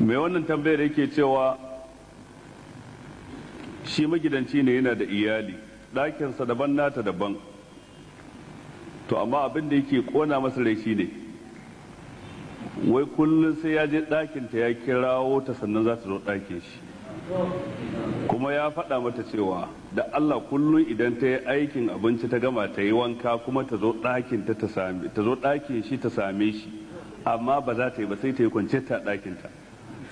mai wannan tambayar yake cewa shi magidanci ne yana da iyali ɗakinsa daban nata daban to amma abin da yake kona masa rai shi ne wai kullum sai ya je ɗakinta ya kirawo ta sannan za ta zo ɗakin shi kuma ya faɗa mata cewa da Allah kullum idan ta yi aikin abinci ta gama ta yi wanka kuma ta zo ɗakin ta ta zo ɗakin shi ta same shi amma ba za ta yi ba sai ta yi kwance ta ɗakinta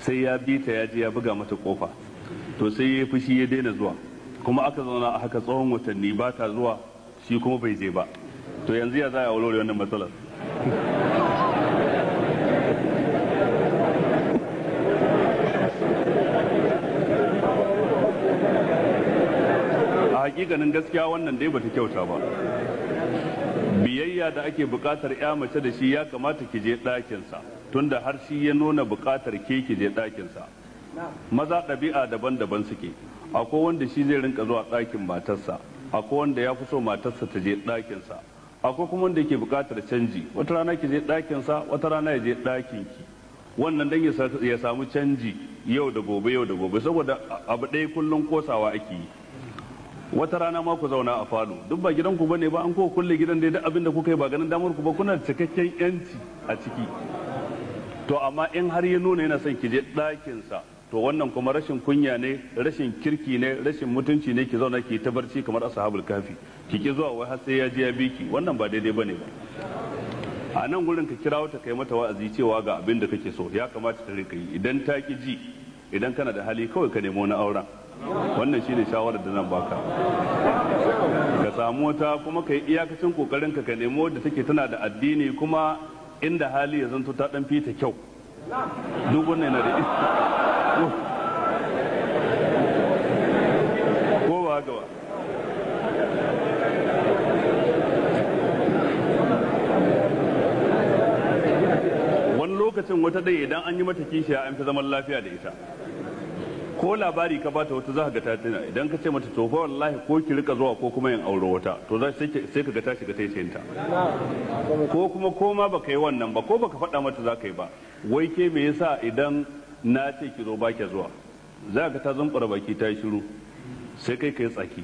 sai ya bi ta ya je ya buga mata kofa to sai ya fushi ya daina zuwa kuma aka zauna a haka tsawon watanni ba ta zuwa shi kuma bai je ba to yanzu ya za a aure wannan matsalar a hakikanin gaskiya wannan dai bata kyauta ba biyayya da ake bukatar ya mace da shi ya kamata ki je ɗakinsa tunda har shi ya nuna buƙatar keke ki je ɗakinsa maza ɗabi'a daban-daban suke akwai wanda shi zai rinka zuwa ɗakin matarsa akwai wanda ya fi so matarsa ta je ɗakinsa akwai kuma wanda ke buƙatar canji wata rana ki je ɗakinsa wata rana ya je ɗakin ki wannan dan ya samu canji yau da gobe yau da gobe saboda abu ɗaya kullum kosawa ake yi wata rana ma ku zauna a falo duk ba gidan ku bane ba an ko kulle gidan dai duk abin da kuka yi ba ganin damar ku ba kuna cikakken yanci a ciki to amma in har ya nuna yana son ki je ɗakinsa to wannan kuma rashin kunya ne rashin kirki ne rashin mutunci ne ki zauna ki ta barci kamar ashabul kafi ki ki zuwa wai har sai ya je ya bi ki wannan ba daidai bane ba a nan gurin ka kira ta kai mata wa'azi cewa ga abin da kake so ya kamata ta rika yi idan ta ki ji idan kana da hali kawai ka nemo na auren wannan shine shawarar da nan baka ka samu wata kuma ka yi iyakacin kokarin ka ka nemo da take tana da addini kuma inda hali ya zanto ta dan fita kyau duk wannan yana da oh. ko ba haka wani lokacin wata ɗaya idan an yi mata kishiya an fi zaman lafiya da ita ko labari ka bata wata za ka ga ta tuna idan ka ce mata to fa wallahi ko ki rika zuwa ko kuma yin aure wata to za sai ka ga ta shiga taitayin ta ko kuma ko ma ka yi wannan ba ko baka faɗa mata za ka yi ba wai ke me yasa idan na ce ki zo ba ki zuwa za ka ta zumbura baki ta yi shiru sai kai ka yi tsaki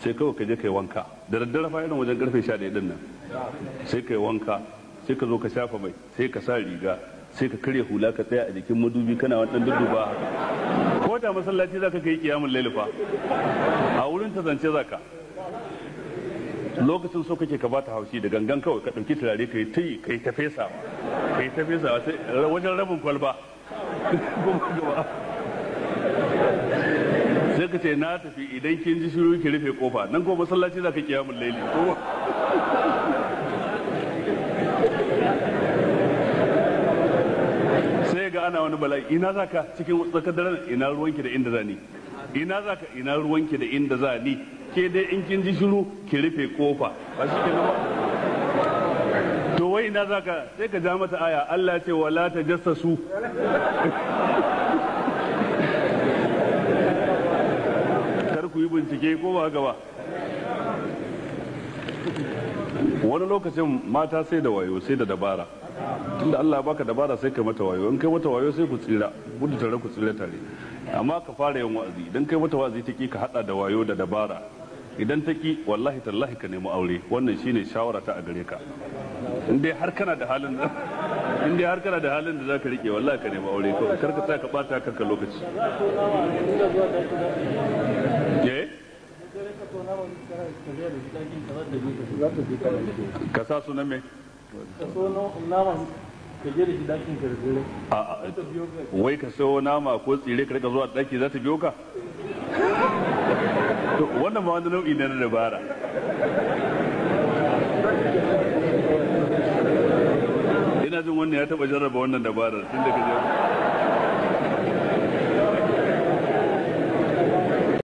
sai kawai ka je ka yi wanka da daddare fa irin wajen karfe 11 din nan sai ka yi wanka sai ka zo ka shafa mai sai ka sa riga sai ka karya hula ka tsaya a jikin madubi kana wani dan duduba ko da masallaci zaka kai kiyamul layl fa a wurin ta zance zaka lokacin so kake ka bata haushi da gangan kawai ka dauki turare kai ta yi kai ta fesa kai ta fesa sai wajen rabin kwalba sai ka ce na tafi idan kin ji shiru ki rufe kofa nan ko masallaci zaka kiyamul layl ana wani bala'i ina za ka cikin tsakar daren ina ruwanki da inda za ni ina za ka ina ruwanki da inda za ni ke dai in kin ji shiru ki rufe kofa ba shi ke nama to wai ina za ka sai ka ja mata aya Allah ce wala ta su kar ku yi bincike ko ba gaba wani lokacin mata sai da wayo sai da dabara tunda Allah baka dabara sai kai mata wayo in kai mata wayo sai ku tsira gudu tare ku tsira tare amma ka fara yin wa'azi idan kai mata wa'azi take ka hada da wayo da dabara idan ta ki wallahi tallahi ka nemi aure wannan shine shawara ta a gare ka in dai har kana da halin da in dai har kana da halin da zaka rike wallahi ka nemi aure ko kar ka ka bata kanka lokaci eh ka sa su wai ka sayo nama ko tsire ka rika zuwa daki za ta biyo ka wannan ma wani nau'i na dabara ina jin wannan ya taba jarraba wannan dabarar tun da ka je